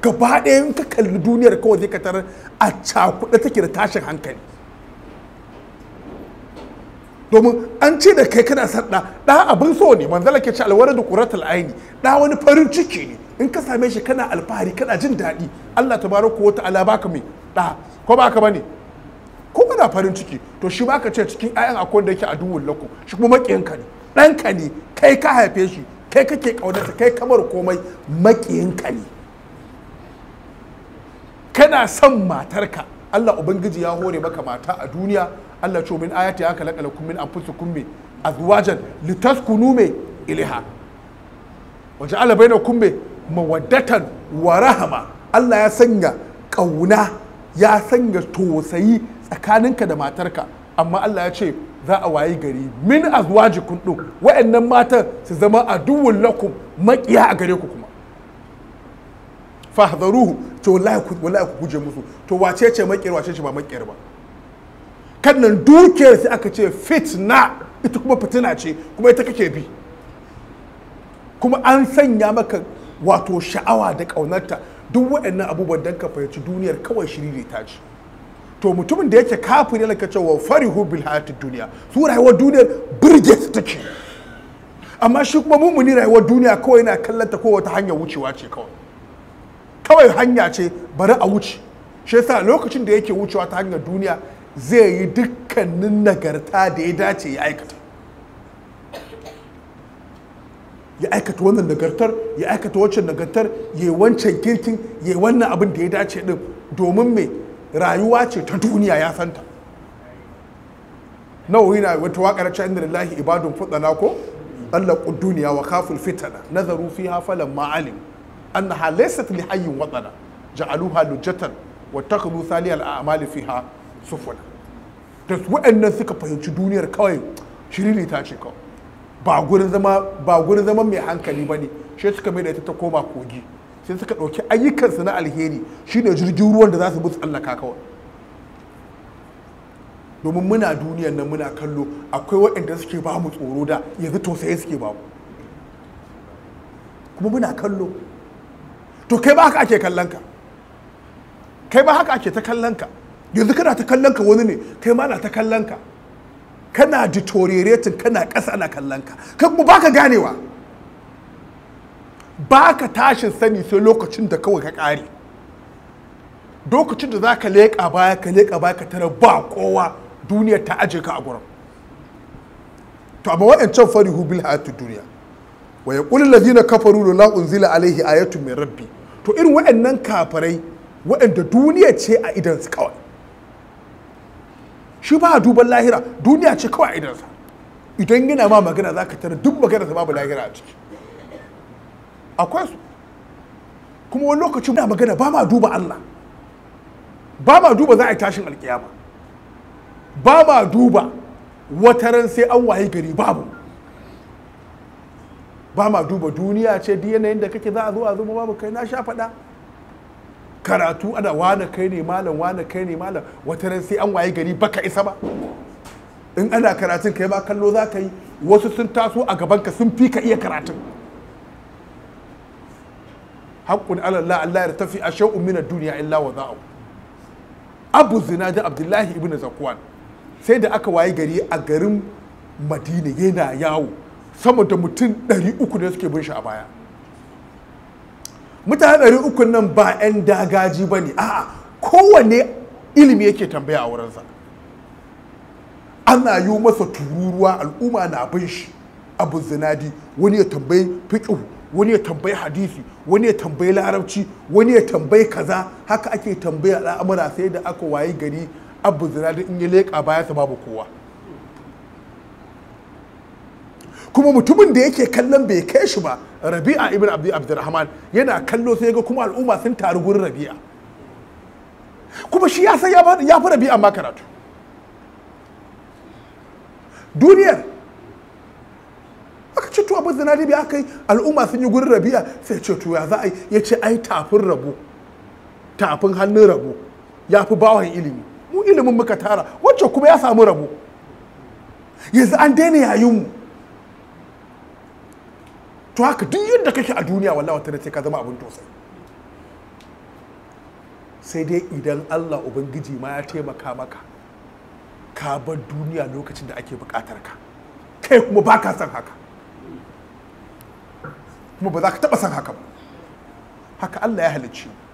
gaba ɗaya in ka kalli duniyar kawai zai katar tarar a cakuɗa take da tashin hankali domin an ce da kai kana san ɗa ɗa abin so ne manzala ke ce alwara da ƙuratul aini ɗa wani farin ciki ne in ka same shi kana alfahari kana jin daɗi Allah ta tabaraka wa ta'ala baka mai ɗa ko baka bane ko kana farin ciki to shi baka ce cikin ayan akwai da yake aduwwul lako shi kuma maƙiyanka ne ɗanka ne kai ka haife shi kai kake ƙaunarsa kai kamar komai maƙiyanka ne kana son matarka Allah ubangiji ya hore maka mata a duniya Allah ce min ayati ya kala-kala lakum min anfusikum kumbe azwajan litaskunu me ilaha wa ja'ala bainakum mawaddatan wa rahama Allah ya sanya kauna ya sanya tosayi tsakaninka da matarka amma Allah ya ce za a wayi gari min azwajikum din wa'annan matan su zama aduwwul lakum maƙiya a gare ku fahdaruhu to wallahi ku wallahi ku guje musu to wace ce makiyar wace ce ba makiyar ba kan nan dukiyar sai aka ce fitna ita kuma fitina ce kuma ita kake bi kuma an sanya maka wato sha'awa da ƙaunarta duk waɗannan abubuwan dan ka fahimci duniyar kawai ne ta ci to mutumin da yake kafin yana kace wa farihu bil hayati duniya su rayuwar duniyar burge su take amma shi kuma mummuni rayuwar duniya kawai yana kallon ta ko hanyar wucewa ce kawai kawai hanya ce bari a wuce shi yasa lokacin da yake wucewa ta hanyar duniya zai yi dukkanin nagarta da ya dace ya aikata ya aikata wannan nagartar ya aikata wancan nagartar ya yi wancan kirkin ya yi wannan abin da ya dace din domin mai rayuwa ce ta duniya ya santa nawawi na wata waƙar ta inda lahi ibadun fudana ko tsallakun duniya wa kafin fitana nazaru fiha falan ma'alim annaha laysat li hayyin watana ja'aluha lujatan wa takhudhu thali al a'mal waɗannan suka fahimci duniyar kawai shiriri ta ce kawai ba gurin zama ba gurin zama mai hankali bane ne suka mai da ita ta koma kogi sai suka ɗauki ayyukansu na alheri shine jirgin ruwan da za su bi tsallaka kawai domin muna duniyar nan muna kallo akwai waɗanda suke bamu tsoro da yanzu tausayi suke ba kuma muna kallo to kai ba haka ake kallon ka kai ba haka ake ta kallon ka yanzu kana ta kallon ka wani ne kai ma na ta kallon ka kana deteriorating kana ƙasa ana kallon ka kai kuma baka ganewa baka tashin sani sai lokacin da kawai ka ƙare lokacin da za ka leƙa baya ka leƙa baya ka tara ba kowa duniyar ta aje ka a gurin to amma wa'ancan fari bil hayatu duniya wa yaqulu allazina kafaru la unzila alaihi ayatun Mai rabbi to irin waɗannan kafarai waɗanda duniya ce a idansu kawai shi ba duban lahira duniya ce kawai a idansa idan yana ma magana za ka tara duk magana ta babu lahira a ciki akwai su kuma wani lokacin muna magana ba ma duba Allah ba ma duba za a yi tashin alkiyama ba ma duba wataran sai an waye gari babu ba ma duba duniya ce duk yanayin da kake za a zo a zama babu kai na sha faɗa karatu ana wane kai ne malam wane kai ne malam wata ran sai an waye gari baka isa ba in ana karatun kai ma kallo za ka yi wasu sun taso a gaban ka sun fi ka iya karatun haƙƙun alallah Allah ya tafi a shau'un minar duniya illa wa za'a. abu zina da abdullahi ibn zakwan sai da aka waye gari a garin madina yana yawo sama da mutum 300 da suke bin shi a baya mutane 300 nan ba 'yan dagaji ba ne a'a kowane ilimi yake tambaya a wurinsa ana yi masa tururuwa al'umma na bin shi abu zinadi wani ya tambayi fiƙihu wani ya tambayi hadisi wani ya tambayi larabci wani ya tambayi kaza haka ake tambaya al'amura sai da aka wayi gari abu zinadi in ya leƙa baya sa babu kowa kuma mutumin da yake kallon bai kai shi ba rabi'a ibn abdi abdurrahman yana kallo sai ga kuma al'umma sun taru gurin rabi'a kuma shi ya san ya fi rabi'a ma karatu duniyar aka ce abin zinari bai aka yi al'umma sun yi gurin rabi'a sai ce ya za a yi ya ce ai tafin rabo tafin hannun rabo ya fi bawan ilimi mu ilimin muka tara wacce kuma ya samu rabo yanzu an daina yayin mu to haka duk yadda kake a duniya wallahi wata ce ka zama abin tosai sai dai idan Allah ubangiji ma ya taimaka maka ka bar duniya lokacin da ake bukatar ka kai kuma ba ka san haka kuma ba za ka taba san haka ba haka Allah ya halicci mu